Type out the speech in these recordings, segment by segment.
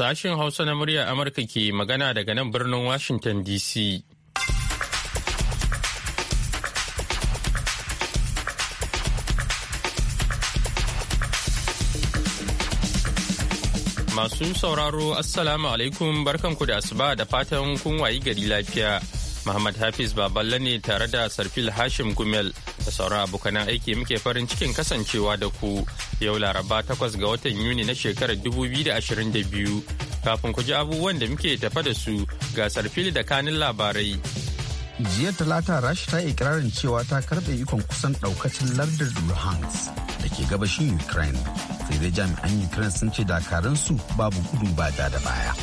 Sashen Hausa na muryar Amurka ke magana daga nan birnin Washington DC. Masu sauraro Assalamu alaikum barkanku da asuba da fatan kun wayi gari lafiya. Muhammad Hafiz Baballe ne tare da Sarfil Hashim Gumel da sauran abokanan aiki muke farin cikin kasancewa da ku yau laraba takwas ga watan yuni na shekarar 2022 kafin ku ji abubuwan da muke tafa da su gasar fili da kanin labarai jiya talata rashi ta ikirarin cewa ta karbe ikon kusan daukacin lardin luhansk da ke gabashin ukraine sai dai jami'an ukraine sun ce su babu gudu ba da baya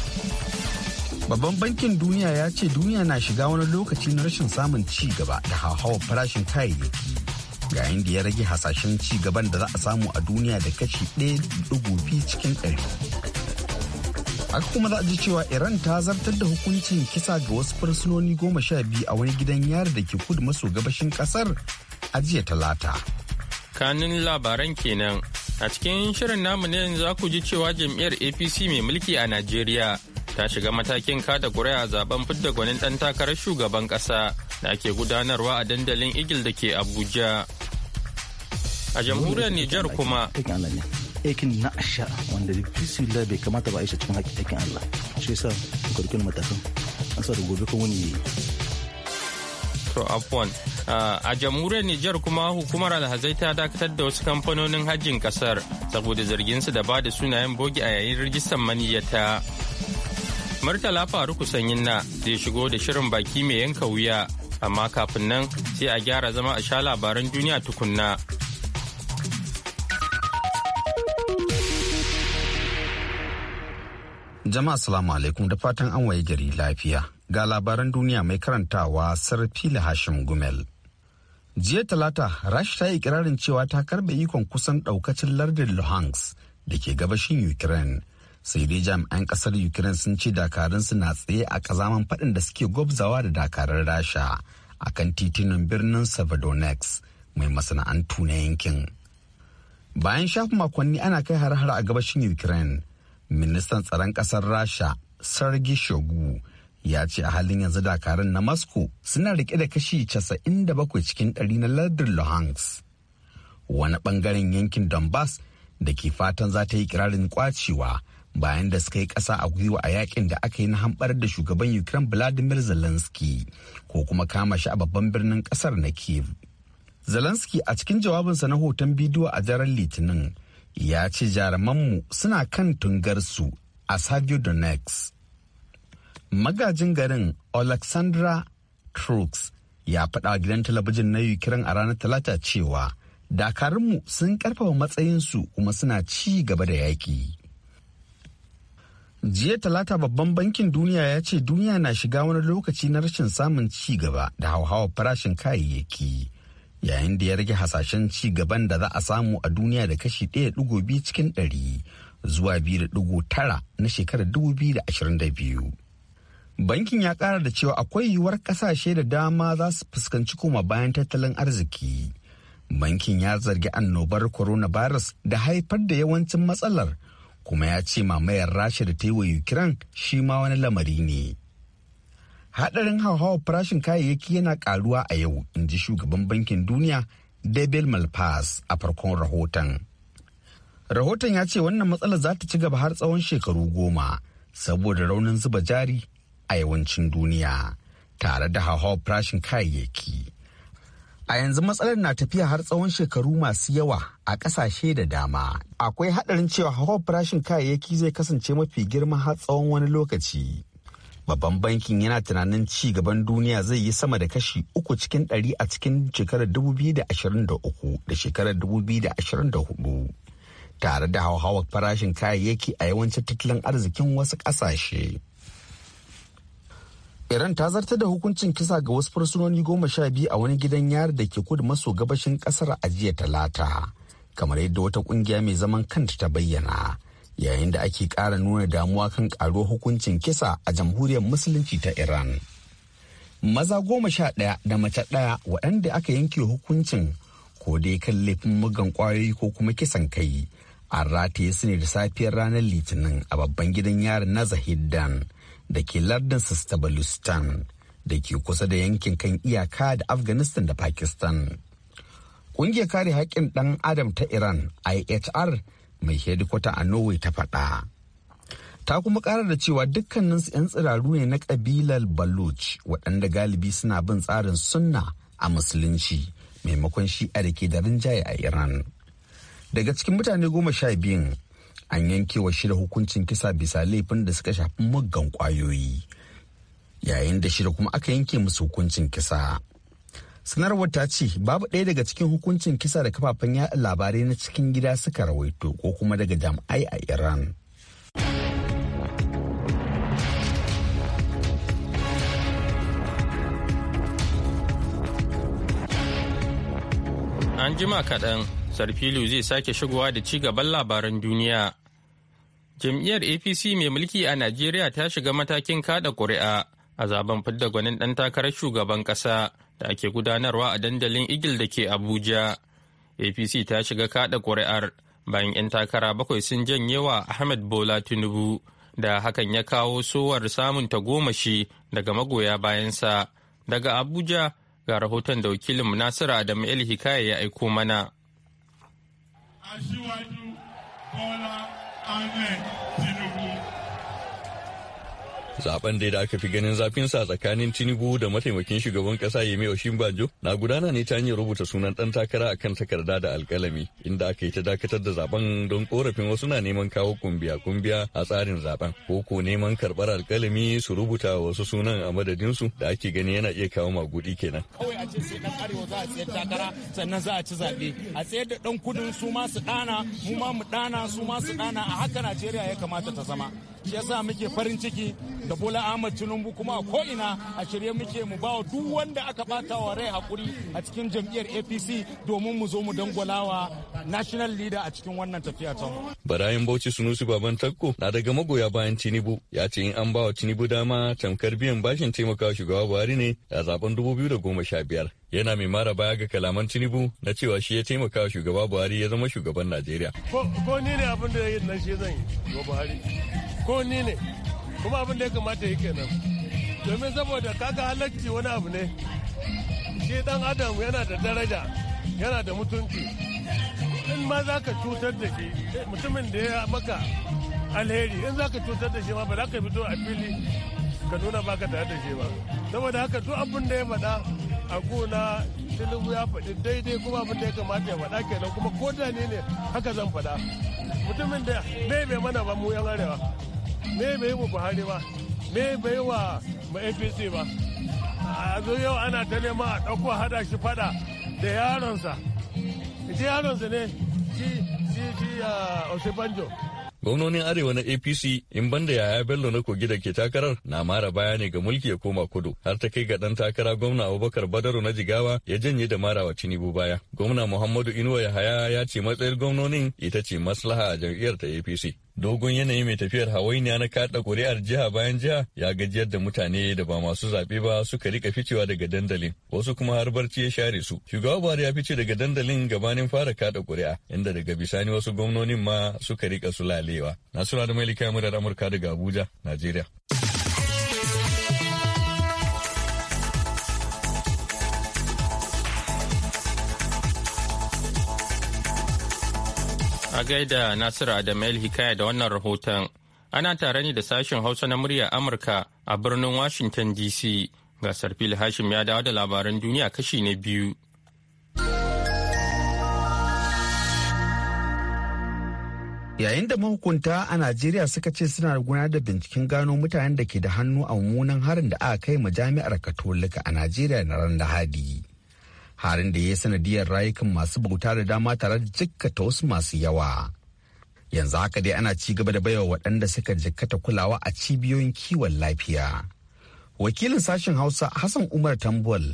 Babban bankin duniya ya ce duniya na shiga wani lokaci na rashin samun ci gaba da hauhawar farashin kayayyaki yayin da ya rage hasashen ci gaban da za a samu a duniya da kashi 1.2 cikin 100 haka kuma za a ji cewa iran ta zartar da hukuncin kisa ga wasu fursunoni goma sha biyu a wani gidan yari da ke kudu maso gabashin kasar a jiya talata kanin labaran kenan a cikin shirin namu ne za ku ji cewa jam'iyyar apc mai mulki a najeriya ta shiga matakin kada kuri'a zaben fidda gwanin dan takarar shugaban kasa da ke gudanarwa a dandalin igil da ke abuja a jamhuriyar Nijar kuma aikin na asha wanda bai kamata ba cikin hakikin Allah shi yasa matakan an sa da gobe kan wani to afwan a jamhuriyar Nijar kuma hukumar alhazai ta dakatar da wasu kamfanonin hajjin kasar saboda zargin su da ba da sunayen bogi a yayin rijistar maniyyata Murtala Faruku Sanyin na zai shigo da shirin baki mai yanka wuya amma kafin nan sai a gyara zama a sha labaran duniya tukunna. Jama'a salamu alaikum da fatan an waye gari lafiya. Ga labaran duniya mai karantawa Sarfila Hashim Gumel. Jiya Talata, Rashi ta yi kirarin cewa ta karbe ikon kusan ɗaukacin lardin Luhansk da ke gabashin Ukraine. Sai dai jami'an ƙasar Ukraine sun ce dakarunsu na tsaye a kazaman faɗin da suke gwabzawa da dakarar Rasha a kan titunan birnin Severodonetsk mai masana'antu na yankin. Bayan shafin makonni ana kai har-har a gabashin Ukraine, ministan tsaron ƙasar rasha sargi shogu ya ce a halin yanzu dakarun na moscow suna rike da kashi 97 cikin ɗari na lardin luhansk wani bangaren yankin donbass da ke fatan za ta yi kirarin kwacewa bayan da suka yi ƙasa a gwiwa a yakin da aka yi na hambar da shugaban ukraine vladimir zelensky ko kuma kama shi a babban birnin ƙasar na kiev zelensky a cikin jawabinsa na hoton bidiyo a daren litinin ya ce jarumanmu suna kan tungarsu a Sadio Donetsk. Magajin garin Alexandra Crooks ya faɗa gidan talabijin na Ukraine a ranar Talata cewa dakarunmu sun karfafa matsayinsu kuma suna ci gaba da yaƙi. jiya talata babban bankin duniya ya ce duniya na shiga wani lokaci na rashin samun ci gaba da hauhawar farashin kayayyaki yayin da ya rage hasashen ci gaban da za a samu a duniya da kashi ɗaya 1.2 cikin ɗari zuwa tara na shekarar biyu. Bankin ya kara da cewa akwai yiwuwar kasashe da dama za su fuskanci koma bayan tattalin arziki. Bankin ya zargi annobar coronavirus da haifar da yawancin matsalar kuma ya ce mamayar rasha da ta yi wa Ukraine shi ma wani lamari ne. Haɗarin hauhawar farashin kayayyaki yana ƙaruwa a yau, in ji shugaban bankin duniya debel Malpass a farkon rahoton. Rahoton ya ce wannan matsalar za ta ci gaba har tsawon shekaru goma saboda raunin zuba jari a yawancin duniya tare da hauhawar farashin kayayyaki. A yanzu matsalar na tafiya har tsawon shekaru masu yawa a ƙasashe da dama. Akwai haɗarin cewa hauhawar farashin kayayyaki zai kasance mafi girma har tsawon wani lokaci. babban bankin yana tunanin ci gaban duniya zai yi sama da kashi uku cikin ɗari a cikin shekarar 2023 da shekarar 2024 tare da hauhawar farashin kayayyaki a yawancin tattalin arzikin wasu ƙasashe. Iran ta zartar da hukuncin kisa ga wasu fursunoni goma sha biyu a wani gidan yari da ke kudu maso gabashin kasar a jiya talata kamar yadda wata kungiya mai zaman kanta ta bayyana yayin da ake ƙara nuna damuwa kan ƙaruwar hukuncin kisa a jamhuriyar musulunci ta iran maza goma sha ɗaya da mace ɗaya waɗanda aka yanke hukuncin ko dai kan laifin mugan ƙwayoyi ko kuma kisan kai an rataye su ne da safiyar ranar litinin a babban gidan yarin na zahiddan da ke lardin sistabalustan da ke kusa da yankin kan iyaka da afghanistan da pakistan ƙungiyar kare haƙƙin ɗan adam ta iran ihr mai hedikwata a norway ta faɗa ta kuma ƙara da cewa dukkaninsu 'yan tsiraru ne na ƙabilar Baloch waɗanda galibi suna bin tsarin sunna a musulunci maimakon shi'a da ke da rinjaye a iran daga cikin mutane goma sha biyun an yanke wa shida hukuncin kisa bisa laifin da suka shafi muggan kwayoyi yayin da shida kuma aka yanke musu hukuncin kisa sanarwar ta ce babu ɗaya daga cikin hukuncin kisa da kafafen yaɗa labarai na cikin gida suka rawaito ko kuma daga jam'ai a iran an jima kaɗan sarfilu zai sake shigowa da ci gaban labaran duniya jam'iyyar apc mai mulki a najeriya ta shiga matakin kada ƙuri'a a zaben fidda gwanin ɗan takarar shugaban ƙasa da ake gudanarwa a dandalin igil da ke abuja apc ta shiga kada ƙuri'ar bayan 'yan takara bakwai sun janye wa ahmed bola tinubu da hakan ya kawo sowar samun tagomashi daga magoya bayansa daga abuja ga rahoton da wakilin nasiru adamu el hikaya ya aiko mana Ashiwaju, Bola Ahmed Tinubu. Zaben dai da aka fi ganin zafin sa tsakanin Tinubu da mataimakin shugaban kasa Yemi bajo na gudana ne ta hanyar rubuta sunan ɗan takara akan takarda da alkalami inda aka yi ta dakatar da zaben don korafin wasu na neman kawo kumbiya-kumbiya a tsarin zaben ko ko neman karɓar alkalami su rubuta wasu sunan a madadinsu da ake gani yana iya kawo magudi kenan. Kawai a ce sai dan arewa za tsayar takara sannan za a ci zaɓe a tsayar da ɗan kudin su ma su ɗana mu ma mu ɗana su ma su ɗana a haka Najeriya ya kamata ta zama. Shi yasa muke farin ciki da bola ahmad tinubu kuma a ko'ina a shirye muke mu bawa duk wanda aka bata wa rai hakuri a cikin jam'iyyar apc domin mu zo mu dangwalawa national leader a cikin wannan tafiya ta barayin bauchi sunusi baban takko na daga magoya bayan tinubu ya ce in an bawa tinubu dama tamkar biyan bashin taimakawa shugaba buhari ne a zaben 2015 yana mai mara baya ga kalaman tinubu na cewa shi ya taimaka wa shugaba buhari ya zama shugaban najeriya ko ni ne abin da ya yi na shi zan yi buhari ko ni ne kuma abin da ya kamata yi kenan domin saboda kaga halarci wani abu ne shi dan adam yana da daraja yana da mutunci in ma za ka cutar da shi mutumin da ya maka alheri in za ka cutar da shi ma ba za ka fito a fili ka nuna ba ka tare da shi ba saboda haka duk abin da ya faɗa a kuna tinubu ya faɗi daidai kuma abin da ya kamata ya faɗa kenan kuma ko da ne ne haka zan faɗa mutumin da bai bai mana ba mu yan arewa me bai mu buhari ba me bai wa apc ba a zo yau ana ta nema a ɗauko hada shi fada da yaronsa ji yaronsa ne shi shi shi osebanjo gwamnonin arewa na apc in banda yaya bello na kogi da ke takarar na mara baya ne ga mulki ya koma kudu har ta kai ga dan takara gwamna abubakar badaru na jigawa ya janye da marawa tinubu baya gwamna muhammadu inuwa yahaya ya ce matsayin gwamnonin ita ce maslaha a jam'iyyar ta apc dogon yanayi mai tafiyar hawainiya na kaɗa kuri'ar jiha bayan jiha ya gajiyar da mutane da ba masu zaɓe ba suka rika ficewa daga dandalin wasu kuma har barci ya share su shugaba buhari ya fice daga dandalin gabanin fara kaɗa ƙuri'a inda daga bisani wasu gwamnonin ma suka rika sulalewa nasura da mai lika da amurka daga abuja najeriya A gaida Nasiru el Hikaya da wannan rahoton. Ana tare ne da sashen Hausa na murya Amurka a birnin Washington DC. Gasar fili Hashim ya dawo da labaran duniya kashi na biyu. Yayin da mahukunta a Najeriya suka ce suna gudanar da binciken gano mutanen da ke da hannu a mummunan harin da aka kai ma jami'ar Katolika a Najeriya na ran Lahadi. harin da ya yi sanadiyar rayukan masu bauta da dama tare da jikkata wasu masu yawa yanzu haka dai ana ci gaba da baiwa waɗanda suka jikkata kulawa a cibiyoyin kiwon lafiya wakilin sashen hausa hassan umar tambol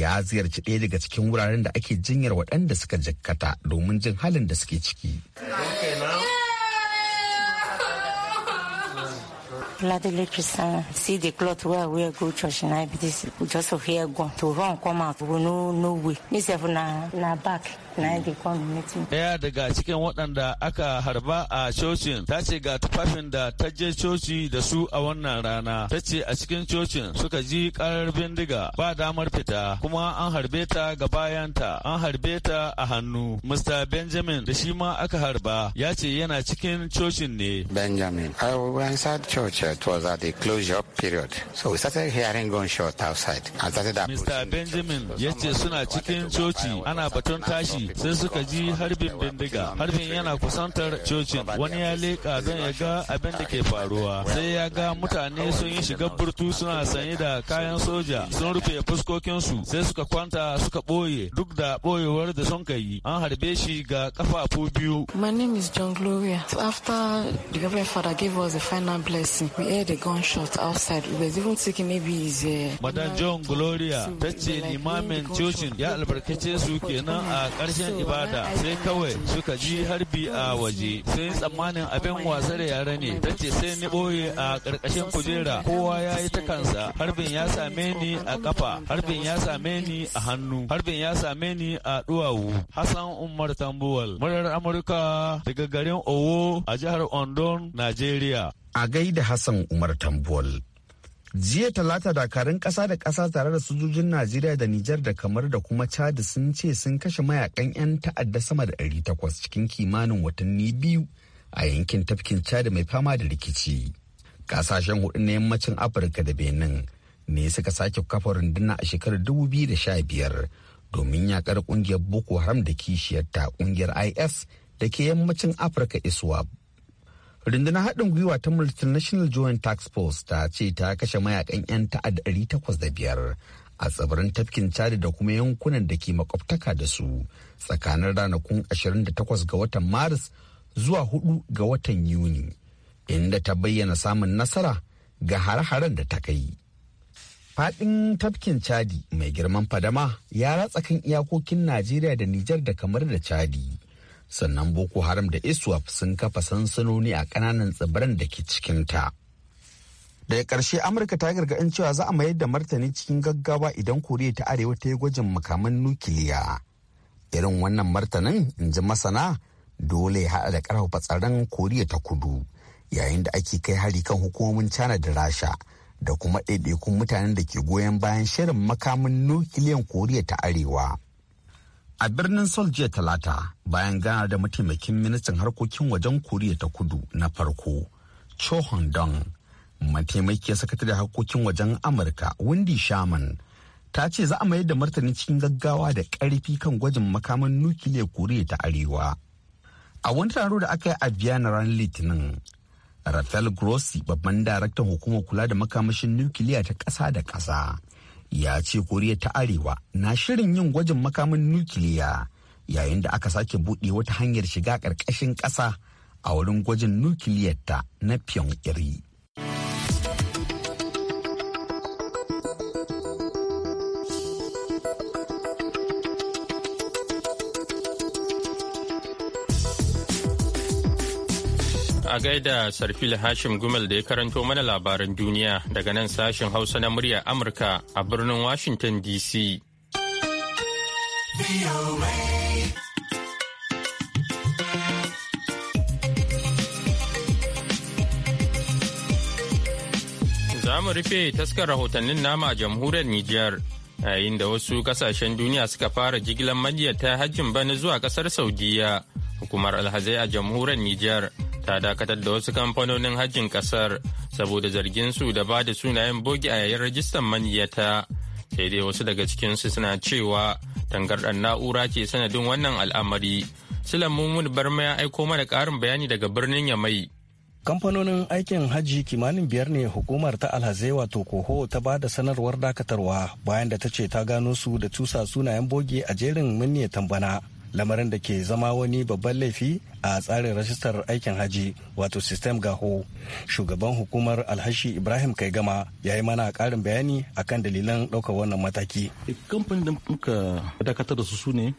ya ziyarci ɗaya daga cikin wuraren da ake jinyar waɗanda suka jikkata domin jin halin da suke ciki Catholic Christian, see the cloth where we go church now, this just here go to run come out, we no no way. Myself na na back. Daya daga cikin waɗanda aka harba a cocin ta ce ga tufafin da ta je coci da su a wannan rana. Ta ce a cikin cocin suka ji karar bindiga ba damar fita kuma an harbe ta ga bayanta an harbe ta a hannu. Mr. Benjamin da shi ma aka harba ya ce yana cikin cocin ne. Benjamin, I was inside Mr. Benjamin ya ce suna cikin coci ana batun tashi sai suka ji harbin bindiga harbin yana kusantar cocin wani ya leka don ya ga abin da ke faruwa sai ya ga mutane sun yi shiga burtu suna sanye da kayan soja sun rufe fuskokinsu sai suka kwanta suka ɓoye duk da ɓoyewar da sun ka yi an harbe shi ga kafafu biyu. My name is John Gloria. After the government Father gave us the final blessing, we heard a gunshot outside. We were even thinking maybe he's a... Madam John Gloria ta ce limamin cocin ya albarkace su kenan a ƙarshen wajen ibada sai kawai suka ji harbi a waje sai tsammanin abin wasa da yare ne ta ce sai ni boye a ƙarƙashin kujera kowa ya yi ta kansa harbin ya same ni a kafa harbin ya same ni a hannu harbin ya same ni a duwawu hassan umar tambuwal murar amurka daga garin owo a jihar ondo najeriya a gaida hassan umar tambuwal jiya talata dakarun kasa da kasa tare da sojojin najeriya da nijar da kamar da kuma chad sun ce sun kashe mayakan 'yan ta'adda sama da takwas cikin kimanin watanni biyu a yankin tafkin chad mai fama da rikici kasashen hudu na yammacin afirka da benin ne suka sake kafa runduna a shekarar 2015 domin yakar kungiyar boko haram da kishiyarta kungiyar is da ke yammacin afirka iswap rundunar haɗin gwiwa ta multinational joint tax force ta ce ta kashe mayakan 'yan ta'adda biyar a tsibirin tafkin chad da kuma yankunan da ke makwabtaka da su tsakanin ranakun 28 ga watan maris zuwa 4 ga watan yuni inda ta bayyana samun nasara ga hare-haren da ta kai Faɗin tafkin Chadi mai girman fadama ya ratsa kan iyakokin Najeriya da Nijar da kamar da Chadi sannan boko haram da iswap sun kafa sansanoni a ƙananan tsibiran da ke cikinta daga ƙarshe amurka ta gargaɗin cewa za a mayar da martani cikin gaggawa idan koriya ta arewa ta yi gwajin makaman nukiliya irin wannan martanin in ji masana dole ya haɗa da ƙarfafa tsaron koriya ta kudu yayin da ake kai hari kan hukumomin china da rasha da kuma ɗaiɗaikun mutanen da ke goyon bayan shirin makamin nukiliyan koriya ta arewa a birnin Seoul jiya talata bayan gana da mataimakin ministan harkokin wajen koriya ta kudu na farko cho dong mataimakiyar sakatare harkokin wajen amurka wendy shaman ta ce za a mayar da martani cikin gaggawa da karfi kan gwajin makaman nukiliya koriya ta arewa a wani taro da aka yi a vienna ran litinin rafael grossi babban daraktan hukumar kula da makamashin nukiliya ta ƙasa da ƙasa ya ce koriya ta arewa na shirin yin gwajin makamin nukiliya yayin da aka sake buɗe wata hanyar shiga ƙarƙashin ƙasa a wurin gwajin nukiliyarta na pyongyang a gaida Sarfil Hashim Gumel da ya karanto mana labaran duniya daga nan sashen Hausa na murya Amurka a birnin Washington DC. Za mu rufe taskar rahotannin nama a jamhuriyar Nijar. yayin da wasu kasashen duniya suka fara jigilar majiyar ta hajjin bana zuwa kasar saudiya hukumar alhazai a jamhuriyar nijar ta dakatar da wasu kamfanonin hajjin kasar saboda zargin su da ba da sunayen bogi a yayin rajistan maniyata sai dai wasu daga cikin su suna cewa tangardar na'ura ce sanadin wannan al'amari silan mummun barma ya aiko mana karin bayani daga birnin yamai kamfanonin aikin hajji kimanin biyar ne hukumar ta alhazai wato koho ta ba da sanarwar dakatarwa bayan da ta ce ta gano su da tusa sunayen boge a jerin minye tambana lamarin da ke zama wani babban laifi a tsarin rajistar aikin haji wato system gaho shugaban hukumar alhashi ibrahim kai gama ya yi mana karin bayani akan dalilan ɗaukar wannan mataki eh, kamfanin da muka dakatar da su su ne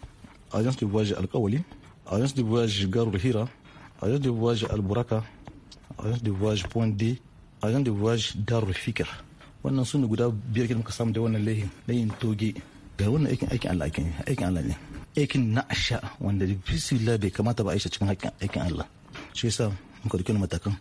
agence de voyage alkawali agence de voyage garur hira agence de voyage alburaka agence de voyage point d agence de voyage darur fikir wannan su ne guda biyar da muka samu da wannan laihin laihin toge ga wannan aikin aikin allah aikin allah ne aikin na asha wanda bisillah bai kamata ba aisha cikin aikin Allah shi yasa muka dauki matakan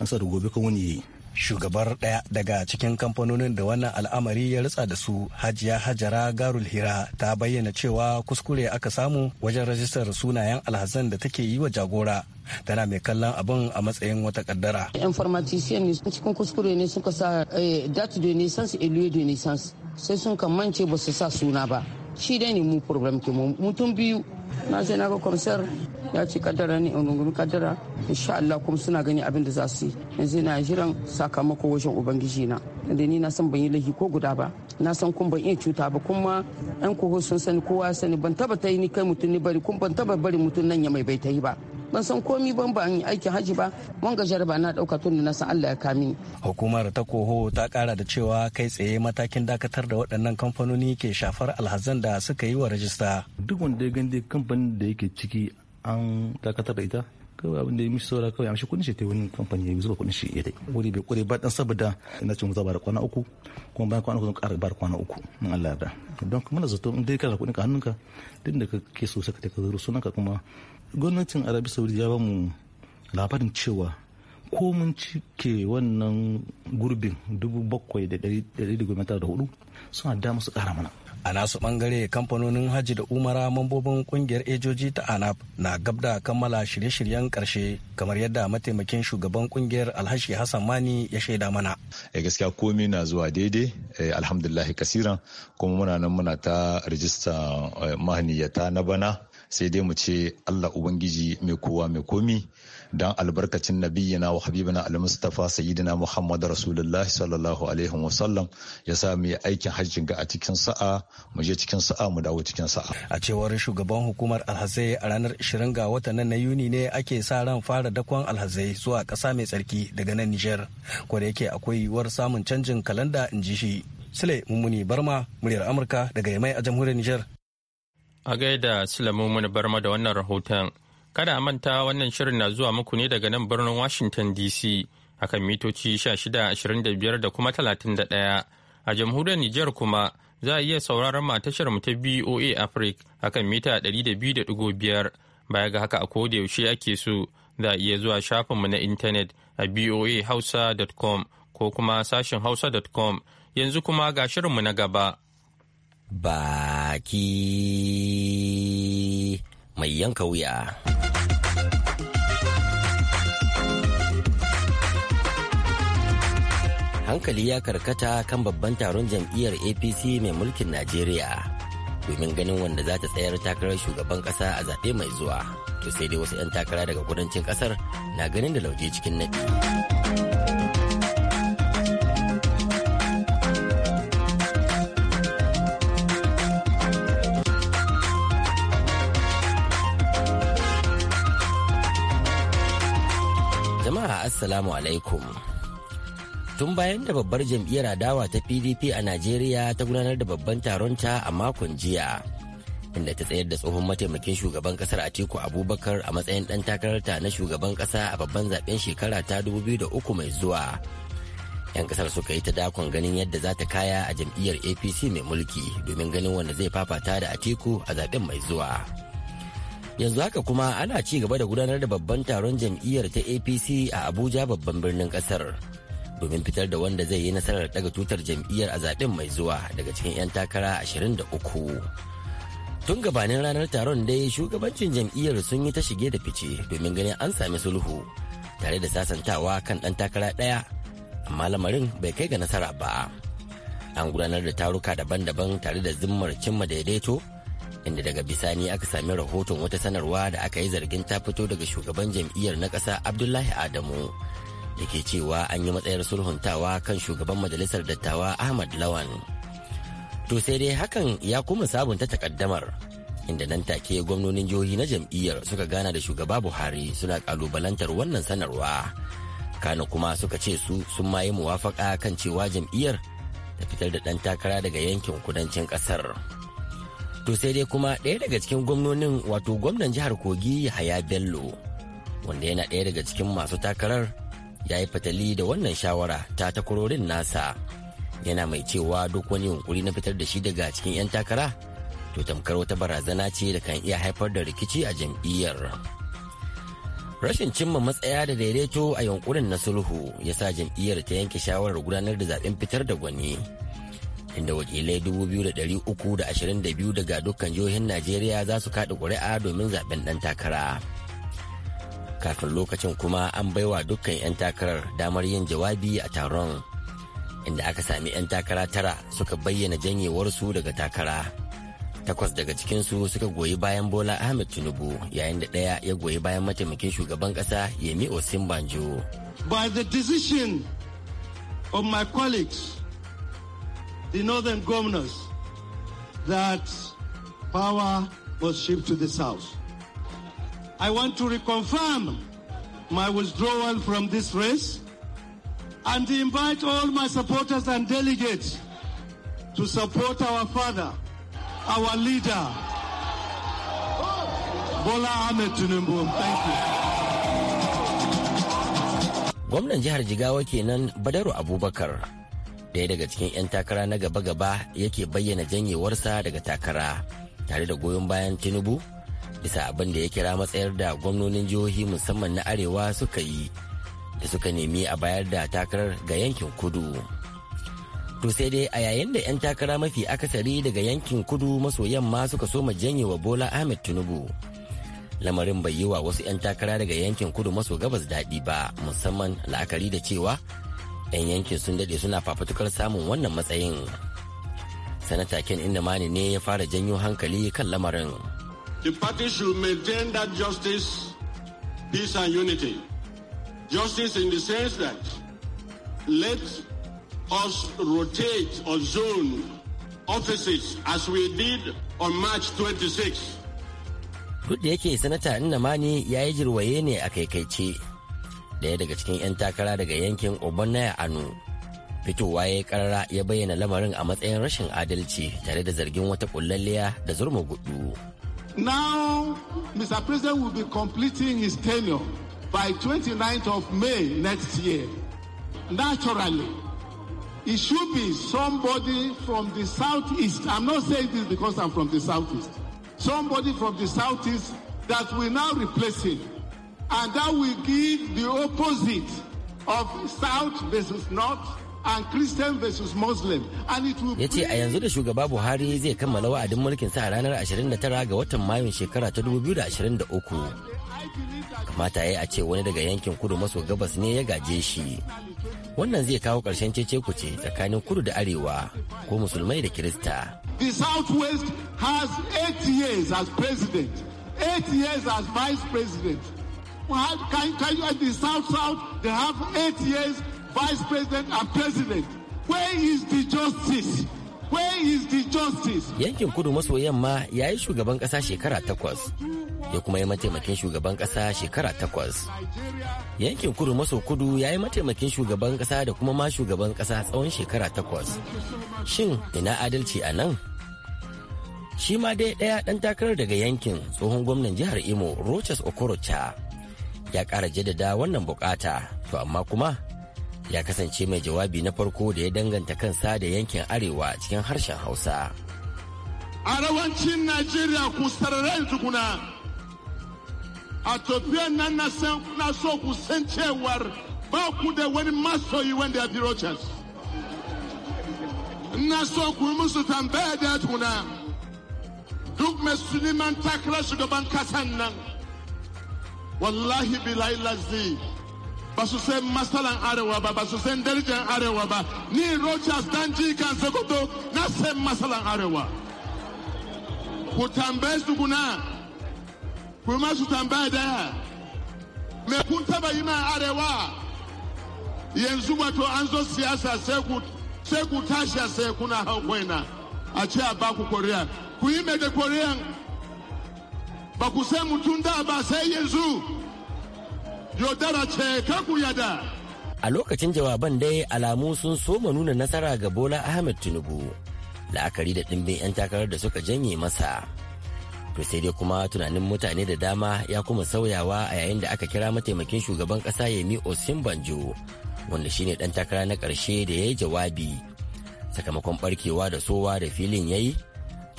an sa da gobe kan wani yayi shugabar daya daga cikin kamfanonin da wannan al'amari ya ritsa da su hajiya hajara garul hira ta bayyana cewa kuskure aka samu wajen rajistar sunayen alhazan da take yi wa jagora tana mai kallon abin a matsayin wata kaddara informatician ne cikin kuskure ne suka sa eh, date de naissance et lieu de naissance sai sun kamance ba su sa suna ba shi dai ne mu program ke mu mutum biyu na je na ga kwamsar ya ce kadara ne a rungumi kadara insha Allah kuma suna gani abin da za su yi yanzu na jiran sakamako wajen ubangiji na da ni na san ban yi lahi ko guda ba na san kun ban iya cuta ba kuma yan kuhu sun sani kowa sani ban taba ta yi ni kai mutum ni bari kun ban taba bari mutum nan ya mai bai ta yi ba ban san komi ban ba yi aikin haji ba wanga jaraba na dauka tun da na san Allah ya kame hukumar ta koho ta kara da cewa kai tsaye matakin dakatar da waɗannan kamfanoni ke shafar alhazan da suka yi wa rajista duk wanda ya gande kamfanin da yake ciki an dakatar da ita kawai abin da ya mishi saura kawai amshi kudin shi ta wani kamfani ya zuba kudin shi ya dai wuri bai kure ba dan saboda ina cin zaba da kwana uku kuma bayan kwana uku zan ƙara bar kwana uku in Allah ya don kuma zato in dai kana kudin ka hannunka duk da kake so saka ta ka zuru ka kuma gwamnatin arabi saudi ya bamu labarin cewa ko mun cike wannan gurbin 7,194 suna da su kara mana a nasu bangare kamfanonin hajji da umara mambobin kungiyar ejoji ta Anab na gab da kammala shirye-shiryen karshe kamar yadda mataimakin shugaban kungiyar alhashi hassan mani ya shaida mana e gaskiya komai na zuwa daidai eh, alhamdulahi kasiran kuma muna nan muna ta rijista eh, mahaniyata na bana sai dai mu ce Allah ubangiji mai kowa mai komi don albarkacin nabiyyina wa habibina al-mustafa sayyidina muhammad rasulullah sallallahu alaihi wa sallam ya sa mu yi aikin hajjin ga a cikin sa'a mu je cikin sa'a mu dawo cikin sa'a a cewar shugaban hukumar alhazai a ranar 20 ga watan nan na yuni ne ake sa ran fara dakon alhazai zuwa ƙasa mai tsarki daga nan nijar ko da yake akwai yiwuwar samun canjin kalanda in ji shi Sule Mummuni Barma, muryar Amurka daga Yamai a jamhuriyar Nijar. A gaida mun barma da wannan rahoton. Kada a manta wannan shirin na zuwa muku ne daga nan birnin Washington DC akan mitoci 1625 da kuma 31. A jamhuriyar Nijar kuma za a iya sauraron tashar mu ta BOA Africa akan mita 200.5 baya ga haka a koda yaushe ake so za a iya zuwa shafinmu na intanet a boahausa.com ko kuma sashin hausa.com yanzu kuma ga shirinmu na gaba. baki mai yanka wuya. Hankali ya karkata kan babban taron jam'iyyar APC mai mulkin Najeriya domin ganin wanda za ta tsayar takarar shugaban kasa a zaɓe mai zuwa. To sai dai wasu 'yan takara daga kudancin kasar na ganin da lauje cikin naɗi. Assalamu alaikum. Tun bayan da babbar jam'iyyar adawa ta PDP a Najeriya ta gudanar da babban taronta a makon jiya, inda ta tsayar da tsohon mataimakin shugaban kasar Atiku Abubakar a matsayin ɗan takararta na shugaban ƙasa a babban zaben shekara ta 2003 mai zuwa. 'Yan kasar suka yi ta dakon ganin yadda za ta kaya a jam'iyyar APC mai mulki domin ganin wanda zai fafata da Atiku a zaben mai zuwa. yanzu haka kuma ana ci gaba da gudanar da babban taron jam'iyyar ta apc a abuja babban birnin kasar domin fitar da wanda zai yi nasarar daga tutar jam'iyyar a zaɓen mai zuwa daga cikin 'yan takara 23 tun gabanin ranar taron dai shugabancin jam'iyyar sun yi ta shige da fice domin ganin an sami sulhu tare da sasantawa kan ɗan takara ɗaya amma lamarin bai kai ga nasara ba an gudanar da taruka daban-daban tare da zimmar cimma daidaito inda daga bisani aka sami rahoton wata sanarwa da aka yi zargin ta fito daga shugaban jam'iyyar na ƙasa abdullahi adamu da ke cewa an yi matsayar sulhuntawa kan shugaban majalisar dattawa ahmad lawan to sai dai hakan ya kuma sabunta takaddamar inda nan take gwamnonin jihohi na jam'iyyar suka gana da shugaba buhari suna kalubalantar wannan sanarwa kana kuma suka ce su sun ma yi muwafaka kan cewa jam'iyyar ta fitar da ɗan takara daga yankin kudancin ƙasar. to sai dai kuma ɗaya daga cikin gwamnonin wato gwamnan jihar kogi yahaya bello wanda yana ɗaya daga cikin masu takarar ya yi fatali da wannan shawara ta takwarorin nasa yana mai cewa duk wani yunkuri na fitar da shi daga cikin 'yan takara to tamkar wata barazana ce da kan iya haifar da rikici a jam'iyyar rashin cimma matsaya da daidaito a yunkurin na sulhu ya sa jam'iyyar ta yanke shawarar gudanar da zaben fitar da gwani inda wakilai 2,322 daga dukkan jihohin najeriya za su kaɗa ƙuri'a domin zaɓen ɗan takara kafin lokacin kuma an baiwa dukkan 'yan takarar damar yin jawabi a taron inda aka sami 'yan takara tara suka bayyana janyewarsu daga takara takwas daga cikinsu suka goyi bayan bola ahmed tinubu yayin da ɗaya ya goyi bayan mataimakin shugaban ƙasa yemi osinbanjo by the decision of my colleagues the northern governors that power was shipped to the south. I want to reconfirm my withdrawal from this race and invite all my supporters and delegates to support our father, our leader, Bola Ahmed Tinubu. Thank you. Gwamnan jihar Jigawa kenan Badaru Abubakar. ɗaya daga cikin 'yan takara na gaba-gaba yake bayyana janyewarsa daga takara tare da goyon bayan tinubu bisa abin da ya kira matsayar da gwamnonin jihohi musamman na arewa suka yi da suka nemi a bayar da takarar ga yankin kudu to sai dai a yayin da 'yan takara mafi akasari daga yankin kudu maso yamma suka soma janyewa bola ahmed tinubu lamarin bai yi wa wasu 'yan takara daga yankin kudu maso gabas daɗi ba musamman la'akari da cewa 'yan yankin sun dade suna fafutukar samun wannan matsayin sanata ken mani ne ya fara janyo hankali kan lamarin the party should maintain that justice peace and unity justice in the sense that let us rotate or zone offices as we did on march 26 duk da yake sanata mani ya yi jirwaye ne a kaikaice ɗaya daga cikin 'yan takara daga yankin Obonnaya Anu. Fitowa ya yi karara ya bayyana lamarin a matsayin rashin adalci tare da zargin wata kullalliya da zurma gudu. Now, Mr. President will be completing his tenure by 29th of May next year. Naturally, it should be somebody from the southeast. I'm not saying this because I'm from the southeast. Somebody from the southeast that will now replace him. and that will give the opposite of South versus North. and ya ce a yanzu da shugaba buhari zai kammala wa'adin mulkin sa ranar 29 ga watan mayun shekara ta 2023 kamata ya yi a ce wani daga yankin kudu maso gabas ne ya gaje shi wannan zai kawo ƙarshen cece kuce tsakanin kudu da arewa ko musulmai da kirista the southwest has eight years as president eight years as vice president can tell you at the South South, they have eight years vice president and president. Where is the justice? Where is the justice? Yankin kudu maso yamma ya yi shugaban ƙasa shekara takwas, ya kuma yi mataimakin shugaban ƙasa shekara takwas. Yankin kudu maso kudu ya yi mataimakin shugaban kasa da kuma ma shugaban kasa tsawon shekara takwas. Shin ina adalci a nan? Shi ma dai ɗaya ɗan takarar daga yankin tsohon gwamnan jihar Imo, Rochas Okorocha. ya ƙara jaddada wannan bukata to amma kuma ya kasance mai jawabi na farko da ya danganta kansa da yankin arewa cikin harshen hausa arewacin najeriya ku sararin tukuna a tafiyan nan na na so ku san cewar ba ku da wani masoyi wanda ya fi rochas na so ku musu tambaya da tukuna duk mai suliman takarar shugaban kasan nan wallahi bilahi lazzi ba su san masalan arewa ba ba su san darajar arewa ba ni rogers dan jikan sokoto na san masalan arewa ku tambaye su guna ku ma su tambaya daya me kun taba yi ma arewa yanzu wato an zo siyasa sai ku tashi sai kuna hau kwaina a ce a baku koriya ku yi mai da koriyan ba ku mutum da ba sai yanzu yaudara ce ku yada a lokacin jawaban dai alamu sun soma nuna nasara ga bola ahmed tinubu la'akari da ɗimbin 'yan takarar da suka janye masa to sai dai kuma tunanin mutane da dama ya kuma sauyawa a yayin da aka kira mataimakin shugaban ƙasa yemi osinbanjo wanda shine ɗan takara na ƙarshe da ya yi jawabi sakamakon barkewa da sowa da filin ya yi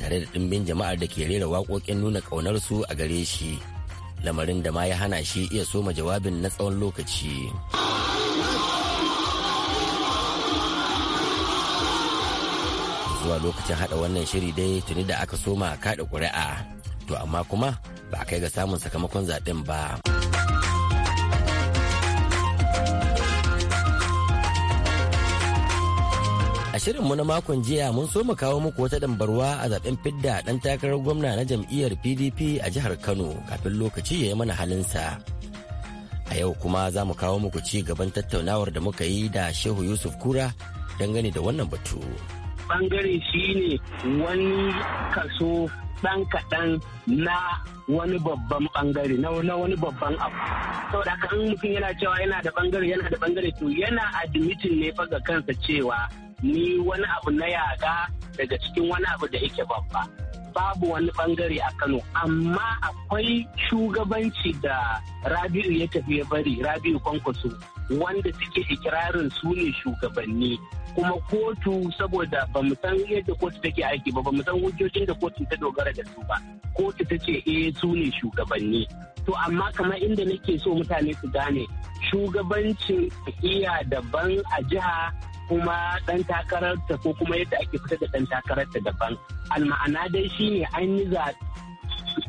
tare da ɗimbin jama'ar da ke rera waƙoƙin nuna ƙaunarsu a gare shi lamarin da ma ya hana shi iya soma jawabin na tsawon lokaci. zuwa lokacin hada wannan shiri dai tuni da aka soma kada ƙuri'a to amma kuma ba a kai ga samun sakamakon zaɓen ba. A shirinmu na makon jiya mun so mu kawo muku wata dambarwa a zaben fidda dan takarar gwamna na jam'iyyar PDP a jihar Kano kafin lokaci ya yi mana halinsa. A yau kuma za mu kawo muku ci gaban tattaunawar da muka yi da Shehu Yusuf Kura dangane da wannan batu. Bangare shi ne wani kaso ɗan kaɗan na wani babban bangare na wani babban abu saboda haka in mutum yana cewa yana da bangare yana da bangare to yana admitin ne kansa cewa ni wani abu na yaga daga cikin wani abu da yake babba babu wani bangare a Kano amma akwai shugabanci da Rabi'u ya tafi ya bari Rabi'u Kwankwaso wanda suke ikirarin su ne shugabanni kuma kotu saboda ba mu san yadda kotu take aiki ba ba mu san hujjojin da kotu ta dogara da su ba kotu ta ce eh su ne shugabanni to amma kamar inda nake so mutane su gane shugabancin iya daban a jiha kuma ɗan takararta ko kuma yadda ake fita da ɗan takararta daban alma'ana dai shine an yi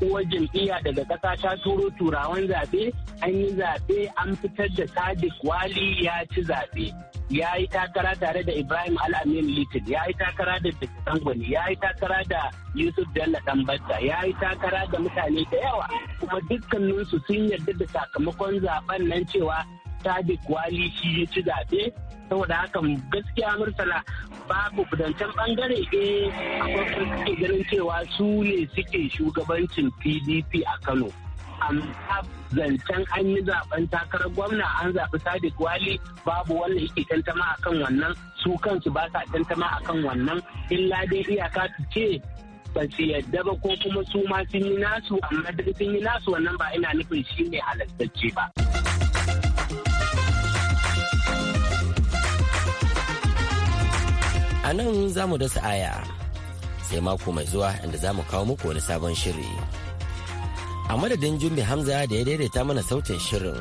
uwar jam'iyya daga ƙasa ta turo turawan zaɓe an yi zaɓe an fitar da sadiq wali ya ci zaɓe ya yi takara tare da ibrahim al'amin litin ya yi takara da dangwani ya yi takara da yusuf jalla ɗanbata ya yi takara da mutane da yawa kuma dukkaninsu sun yarda da sakamakon zaben nan cewa sadiq wali shi ya ci zaɓe saboda haka gaskiya murtala babu kudancan bangare eh akwai suke ganin cewa su ne suke shugabancin pdp a kano amma zancen an yi zaben takarar gwamna an zaɓi sadiq wali babu wanda yake tantama akan wannan su kansu ba sa tantama akan wannan illa dai iyaka su ce ba su yadda ba ko kuma su ma sun yi nasu amma duk sun yi nasu wannan ba ina nufin shi ne halattacce ba. A nan za mu dasa aya sai mako mai zuwa inda za mu kawo muku wani sabon shiri. A madadin Jumbi Hamza da ya daidaita mana sautin shirin.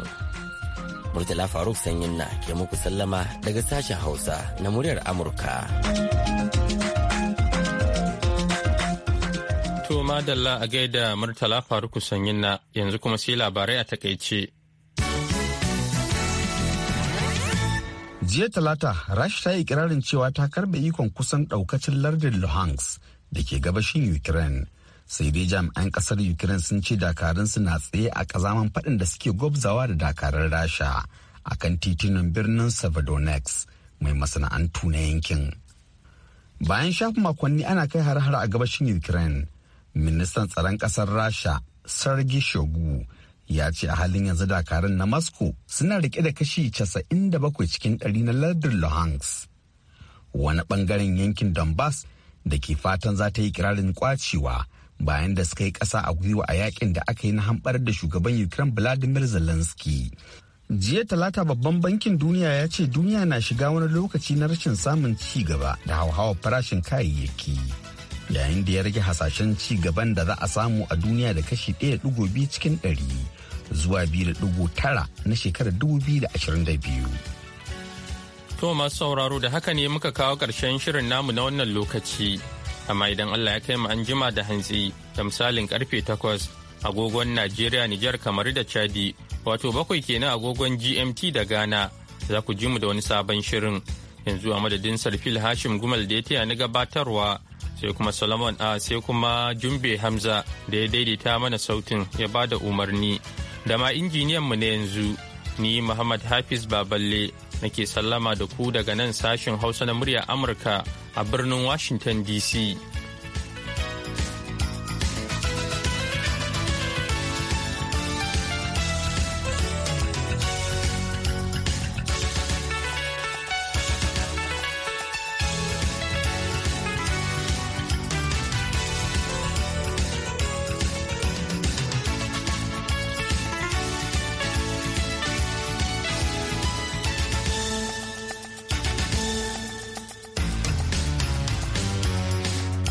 Murtala Faruk Sanyin na ke muku sallama daga sashen Hausa na muryar Amurka. To madalla a gaida Murtala Faruk Sanyinna yanzu kuma sai labarai a takaice. jiya talata rash ta yi kirarin cewa ta karbe ikon kusan daukacin lardin luhansk da ke gabashin ukraine sai dai jami'an kasar ukraine sun ce dakarunsu na tsaye a kazaman faɗin da suke gwabzawa da dakarar rasha a kan titunan birnin savadonex mai masana'antu na yankin bayan shafi makonni ana kai har-har a gabashin ukraine ministan tsaron kasar rasha sergei shogu ya ce a halin yanzu dakarun na moscow suna rike da kashi 97 cikin 100 na lardin luhansk wani bangaren yankin donbass da ke fatan za ta yi kirarin kwacewa bayan da suka yi ƙasa a gwiwa a yakin da aka yi na hambar da shugaban ukraine vladimir zelensky jiya talata babban bankin duniya ya ce duniya na shiga wani lokaci na rashin samun ci gaba da hauhawar farashin kayayyaki yayin da ya rage hasashen ci gaban da za a samu a duniya da kashi 1.2 cikin ɗari. zuwa 2.9 na shekarar 2022. To masu sauraro da haka ne muka kawo ƙarshen shirin namu na wannan lokaci. Amma idan Allah ya kai mu an jima da hantsi da misalin karfe 8 agogon Najeriya Nijar kamar da Chadi wato bakwai kenan agogon GMT da Ghana za ku ji mu da wani sabon shirin. Yanzu a madadin Sarfil Hashim Gumal da ya taya ni gabatarwa sai kuma Solomon a ah, sai kuma Jumbe Hamza da ya daidaita mana sautin ya bada umarni. da ma mu na yanzu ni Muhammad Hafiz Baballe nake sallama da ku daga nan sashen Hausa na murya Amurka a birnin Washington DC.